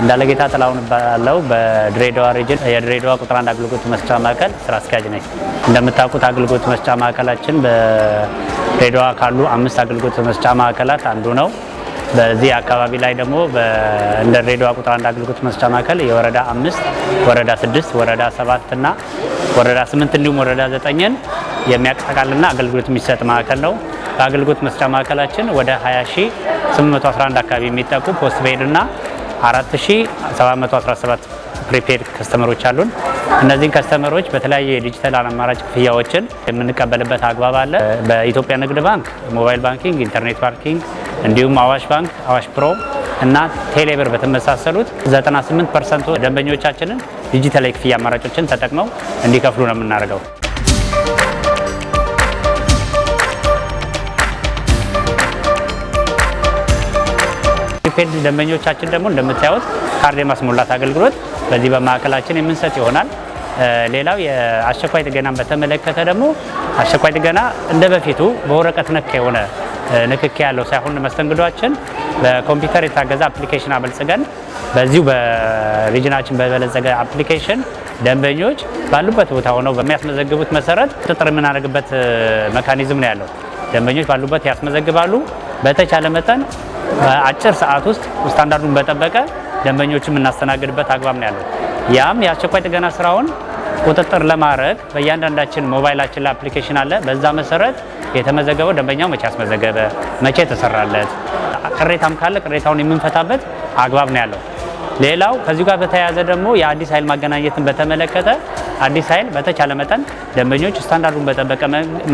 እንዳለጌታ ጥላሁን እባላለሁ። በድሬዳዋ ሪጅን የድሬዳዋ ቁጥር አንድ አገልግሎት መስጫ ማዕከል ስራ አስኪያጅ ነኝ። እንደምታውቁት አገልግሎት መስጫ ማዕከላችን በድሬዳዋ ካሉ አምስት አገልግሎት መስጫ ማዕከላት አንዱ ነው። በዚህ አካባቢ ላይ ደግሞ እንደ ድሬዳዋ ቁጥር አንድ አገልግሎት መስጫ ማዕከል የወረዳ አምስት ወረዳ ስድስት ወረዳ ሰባት እና ወረዳ ስምንት እንዲሁም ወረዳ ዘጠኝን የሚያጠቃልልና አገልግሎት የሚሰጥ ማዕከል ነው። በአገልግሎት መስጫ ማዕከላችን ወደ 20811 አካባቢ የሚጠቁ ፖስት ፔይድ እና 4717 ፕሪፔድ ከስተመሮች አሉን። እነዚህን ከስተመሮች በተለያዩ የዲጂታል አማራጭ ክፍያዎችን የምንቀበልበት አግባብ አለ። በኢትዮጵያ ንግድ ባንክ ሞባይል ባንኪንግ፣ ኢንተርኔት ባንኪንግ እንዲሁም አዋሽ ባንክ፣ አዋሽ ፕሮ እና ቴሌብር በተመሳሰሉት 98 ፐርሰንት ደንበኞቻችንን ዲጂታል የክፍያ አማራጮችን ተጠቅመው እንዲከፍሉ ነው የምናደርገው። ፕሪፔድ ደንበኞቻችን ደግሞ እንደምታዩት ካርድ የማስሞላት አገልግሎት በዚህ በማዕከላችን የምንሰጥ ይሆናል። ሌላው የአስቸኳይ ጥገናን በተመለከተ ደግሞ አስቸኳይ ጥገና እንደ በፊቱ በወረቀት ነክ የሆነ ንክክ ያለው ሳይሆን መስተንግዷችን በኮምፒውተር የታገዘ አፕሊኬሽን አበልጽገን በዚሁ በሪጅናችን በበለጸገ አፕሊኬሽን ደንበኞች ባሉበት ቦታ ሆነው በሚያስመዘግቡት መሰረት ቁጥጥር የምናደርግበት መካኒዝም ነው ያለው። ደንበኞች ባሉበት ያስመዘግባሉ። በተቻለ መጠን በአጭር ሰዓት ውስጥ ስታንዳርዱን በጠበቀ ደንበኞችን የምናስተናግድበት አግባብ ነው ያለው። ያም የአስቸኳይ ጥገና ስራውን ቁጥጥር ለማድረግ በእያንዳንዳችን ሞባይላችን ላይ አፕሊኬሽን አለ። በዛ መሰረት የተመዘገበው ደንበኛው መቼ ያስመዘገበ፣ መቼ የተሰራለት፣ ቅሬታም ካለ ቅሬታውን የምንፈታበት አግባብ ነው ያለው። ሌላው ከዚሁ ጋር በተያያዘ ደግሞ የአዲስ ኃይል ማገናኘትን በተመለከተ አዲስ ኃይል በተቻለ መጠን ደንበኞች ስታንዳርዱን በጠበቀ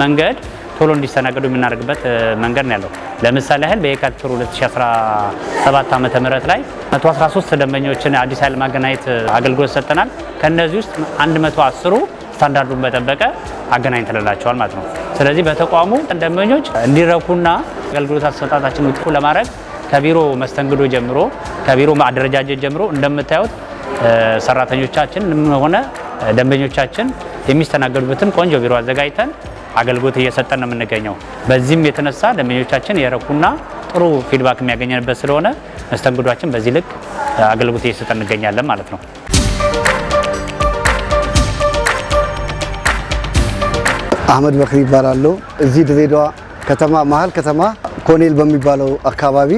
መንገድ ቶሎ እንዲስተናገዱ የምናደርግበት መንገድ ነው ያለው። ለምሳሌ ያህል በየካቲት 2017 ዓ ም ላይ 113 ደንበኞችን አዲስ ኃይል ማገናኘት አገልግሎት ሰጠናል። ከእነዚህ ውስጥ 110ሩ ስታንዳርዱን በጠበቀ አገናኝ ተለላቸዋል ማለት ነው። ስለዚህ በተቋሙ ደንበኞች እንዲረኩና አገልግሎት አሰጣጣችን ውጥቁ ለማድረግ ከቢሮ መስተንግዶ ጀምሮ ከቢሮ አደረጃጀት ጀምሮ እንደምታዩት ሰራተኞቻችን ሆነ ደንበኞቻችን የሚስተናገዱበትን ቆንጆ ቢሮ አዘጋጅተን አገልግሎት እየሰጠን ነው የምንገኘው። በዚህም የተነሳ ደንበኞቻችን የረኩና ጥሩ ፊድባክ የሚያገኘንበት ስለሆነ መስተንግዷችን በዚህ ልክ አገልግሎት እየሰጠን እንገኛለን ማለት ነው። አህመድ በክር ይባላሉ። እዚህ ድሬዳዋ ከተማ መሀል ከተማ ኮኔል በሚባለው አካባቢ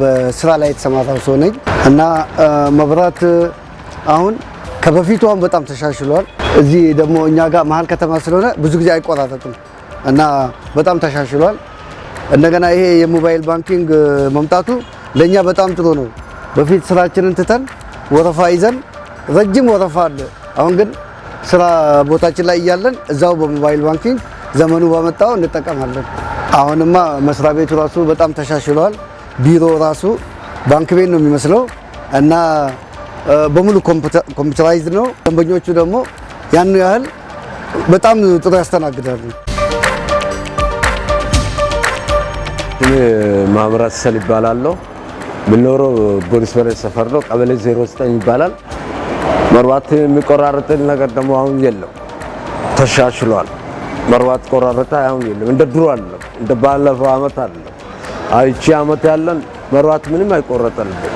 በስራ ላይ የተሰማራው ሰው ነኝ እና መብራት አሁን ከበፊቱ አሁን በጣም ተሻሽሏል። እዚህ ደግሞ እኛ ጋር መሀል ከተማ ስለሆነ ብዙ ጊዜ አይቆራረጥም እና በጣም ተሻሽሏል። እንደገና ይሄ የሞባይል ባንኪንግ መምጣቱ ለእኛ በጣም ጥሩ ነው። በፊት ስራችንን ትተን ወረፋ ይዘን ረጅም ወረፋ አለ። አሁን ግን ስራ ቦታችን ላይ እያለን እዛው በሞባይል ባንኪንግ ዘመኑ ባመጣው እንጠቀማለን። አሁንማ መስሪያ ቤቱ ራሱ በጣም ተሻሽሏል። ቢሮ ራሱ ባንክ ቤት ነው የሚመስለው እና በሙሉ ኮምፒውተራይዝድ ነው። ደንበኞቹ ደግሞ ያን ያህል በጣም ጥሩ ያስተናግዳሉ። እኔ ማምራት ሰል ይባላለሁ። የምኖረው ቦሪስ በረድ ሰፈር ነው። ቀበሌ 09 ይባላል። መርባት የሚቆራረጥን ነገር ደግሞ አሁን የለም፣ ተሻሽሏል። መርባት ቆራረጣ አሁን የለም፣ እንደ ድሮ አለ፣ እንደ ባለፈው አመት አለ። አይቺ አመት ያለን መርባት ምንም አይቆረጠልብን፣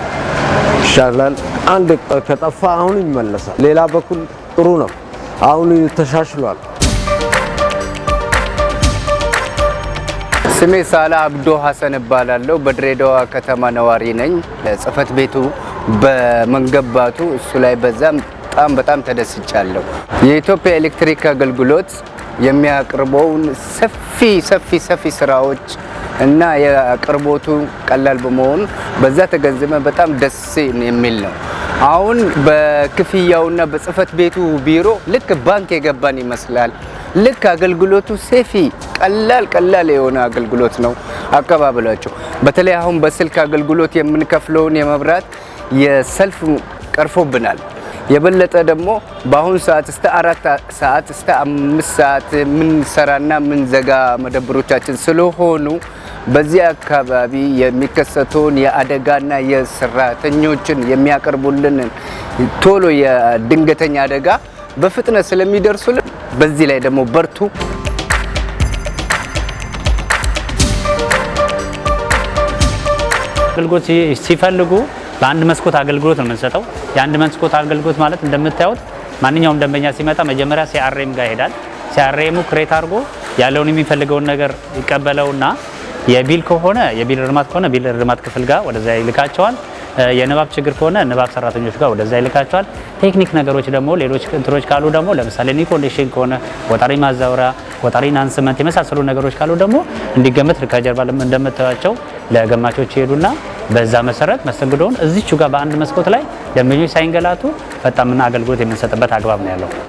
ይሻላል። አንድ ከጠፋ አሁን ይመለሳል። ሌላ በኩል ጥሩ ነው። አሁን ተሻሽሏል። ስሜ ሳላ አብዶ ሀሰን እባላለሁ። በድሬዳዋ ከተማ ነዋሪ ነኝ። ጽህፈት ቤቱ በመንገባቱ እሱ ላይ በዛም በጣም በጣም ተደስቻለሁ። የኢትዮጵያ ኤሌክትሪክ አገልግሎት የሚያቅርበውን ሰፊ ሰፊ ሰፊ ስራዎች እና የአቅርቦቱ ቀላል በመሆኑ በዛ ተገንዝበን በጣም ደስ የሚል ነው። አሁን በክፍያውና በጽህፈት ቤቱ ቢሮ ልክ ባንክ የገባን ይመስላል። ልክ አገልግሎቱ ሰፊ ቀላል ቀላል የሆነ አገልግሎት ነው አቀባበላቸው። በተለይ አሁን በስልክ አገልግሎት የምንከፍለውን የመብራት የሰልፍ ቀርፎብናል። የበለጠ ደግሞ በአሁኑ ሰዓት እስከ አራት ሰዓት እስከ አምስት ሰዓት ምን ሰራና ምን ዘጋ መደብሮቻችን ስለሆኑ በዚህ አካባቢ የሚከሰተውን የአደጋና የሰራተኞችን የሚያቀርቡልን ቶሎ የድንገተኛ አደጋ በፍጥነት ስለሚደርሱልን በዚህ ላይ ደግሞ በርቱ። አገልግሎት ሲፈልጉ በአንድ መስኮት አገልግሎት ነው የምንሰጠው። የአንድ መስኮት አገልግሎት ማለት እንደምታዩት ማንኛውም ደንበኛ ሲመጣ መጀመሪያ ሲአርኤም ጋር ይሄዳል። ሲአርኤሙ ክሬት አድርጎ ያለውን የሚፈልገውን ነገር ይቀበለውና የቢል ከሆነ የቢል እርማት ከሆነ ቢል እርማት ክፍል ጋር ወደዛ ይልካቸዋል። የንባብ ችግር ከሆነ ንባብ ሰራተኞች ጋር ወደዛ ይልካቸዋል። ቴክኒክ ነገሮች ደግሞ ሌሎች እንትሮች ካሉ ደግሞ ለምሳሌ ኮንዲሽን ከሆነ ወጣሪ ማዛወሪያ፣ ወጣሪ ናንስመንት የመሳሰሉ ነገሮች ካሉ ደግሞ እንዲገመት ከጀርባ እንደምታዩቸው ለገማቾች ይሄዱና በዛ መሰረት መስተንግዶውን እዚቹ ጋር በአንድ መስኮት ላይ ደንበኞች ሳይንገላቱ ፈጣንና አገልግሎት የምንሰጥበት አግባብ ነው ያለው።